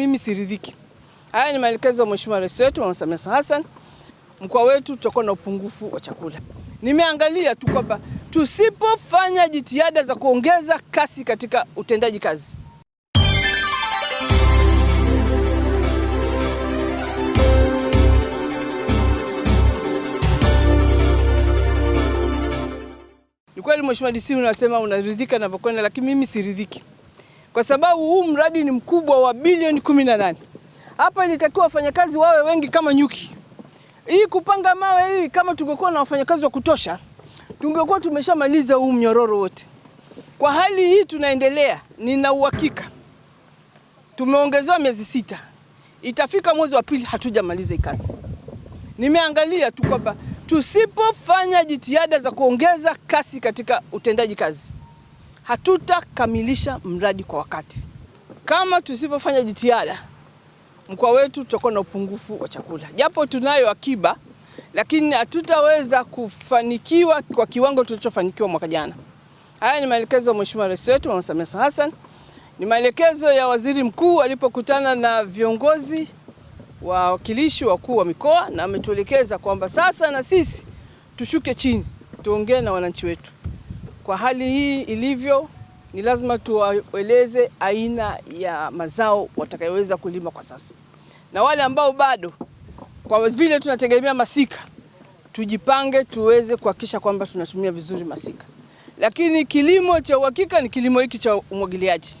Mimi siridhiki. Haya ni maelekezo ya Mheshimiwa Rais wetu Mama Samia Suluhu Hassan. Mkoa wetu tutakuwa na upungufu wa chakula. Nimeangalia tu kwamba tusipofanya jitihada za kuongeza kasi katika utendaji kazi ni kweli Mheshimiwa DC unasema unaridhika navyokwenda, lakini mimi siridhiki kwa sababu huu mradi ni mkubwa wa bilioni kumi na nane. Hapa ilitakiwa wafanyakazi wawe wengi kama nyuki. Hii kupanga mawe hii, kama tungekuwa na wafanyakazi wa kutosha, tungekuwa tumeshamaliza huu mnyororo wote. Kwa hali hii tunaendelea, nina uhakika tumeongezewa miezi sita, itafika mwezi wa pili hatujamaliza hii kazi. Nimeangalia tu kwamba tusipofanya jitihada za kuongeza kasi katika utendaji kazi hatutakamilisha mradi kwa wakati. Kama tusipofanya jitihada, mkoa wetu tutakuwa na upungufu wa chakula, japo tunayo akiba, lakini hatutaweza kufanikiwa kwa kiwango tulichofanikiwa mwaka jana. Haya ni maelekezo ya Mheshimiwa Rais wetu Mama Samia Suluhu Hassan, ni maelekezo ya Waziri Mkuu alipokutana na viongozi wawakilishi wakuu wa mikoa, na ametuelekeza kwamba sasa na sisi tushuke chini tuongee na wananchi wetu. Kwa hali hii ilivyo, ni lazima tuwaeleze aina ya mazao watakayoweza kulima kwa sasa, na wale ambao bado, kwa vile tunategemea masika, tujipange tuweze kuhakikisha kwamba tunatumia vizuri masika. Lakini kilimo cha uhakika ni kilimo hiki cha umwagiliaji.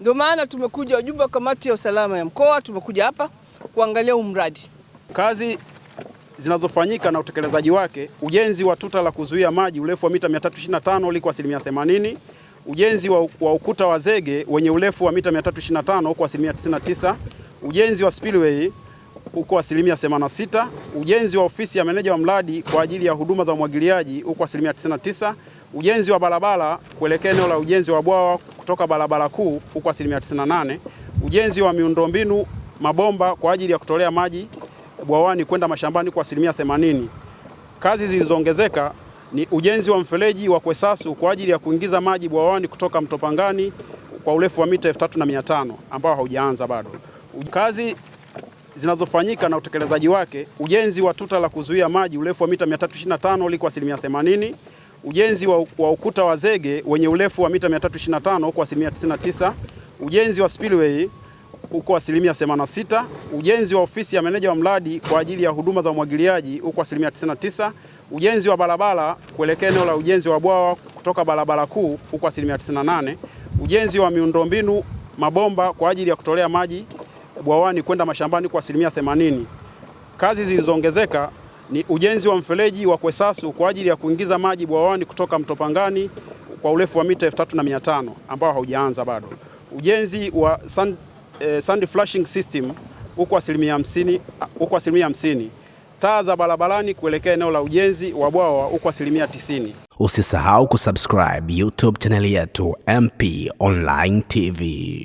Ndio maana tumekuja wajumbe wa kamati ya usalama ya mkoa, tumekuja hapa kuangalia umradi kazi zinazofanyika na utekelezaji wake, ujenzi wa tuta la kuzuia maji urefu wa mita 325 liko asilimia 80, ujenzi wa, wa ukuta wa zege wenye urefu wa mita 325 uko asilimia 99, ujenzi wa spillway uko asilimia 86, ujenzi wa ofisi ya meneja wa mradi kwa ajili ya huduma za umwagiliaji uko asilimia 99, ujenzi wa barabara kuelekea eneo la ujenzi wa bwawa kutoka barabara kuu uko asilimia 98, ujenzi wa miundombinu mabomba kwa ajili ya kutolea maji bwawani kwenda mashambani kwa asilimia 80. Kazi zilizoongezeka ni ujenzi wa mfereji wa Kwesasu kwa ajili ya kuingiza maji bwawani kutoka mto Pangani kwa urefu wa mita 3500 ambao haujaanza bado. Kazi zinazofanyika na utekelezaji wake, ujenzi wa tuta la kuzuia maji urefu wa mita 325 liko asilimia 80, ujenzi wa, wa ukuta wa zege wenye urefu wa mita 325 kwa asilimia 99, ujenzi wa spillway uko asilimia 86, ujenzi wa ofisi ya meneja wa mradi kwa ajili ya huduma za umwagiliaji uko asilimia 99, ujenzi wa barabara kuelekea eneo la ujenzi wa bwawa kutoka barabara kuu uko asilimia 98, ujenzi wa miundombinu mabomba kwa ajili ya kutolea maji bwawani kwenda mashambani kwa asilimia 80. Kazi zilizoongezeka ni ujenzi wa mfereji wa Kwesasu kwa ajili ya kuingiza maji bwawani kutoka Mtopangani kwa urefu wa mita 3500 ambao haujaanza bado. Ujenzi wa eh, sand flashing system huko asilimia hamsini, huko asilimia hamsini. Taa za barabarani kuelekea eneo la ujenzi wa bwawa huko asilimia tisini. Usisahau kusubscribe YouTube chaneli yetu MP Online TV.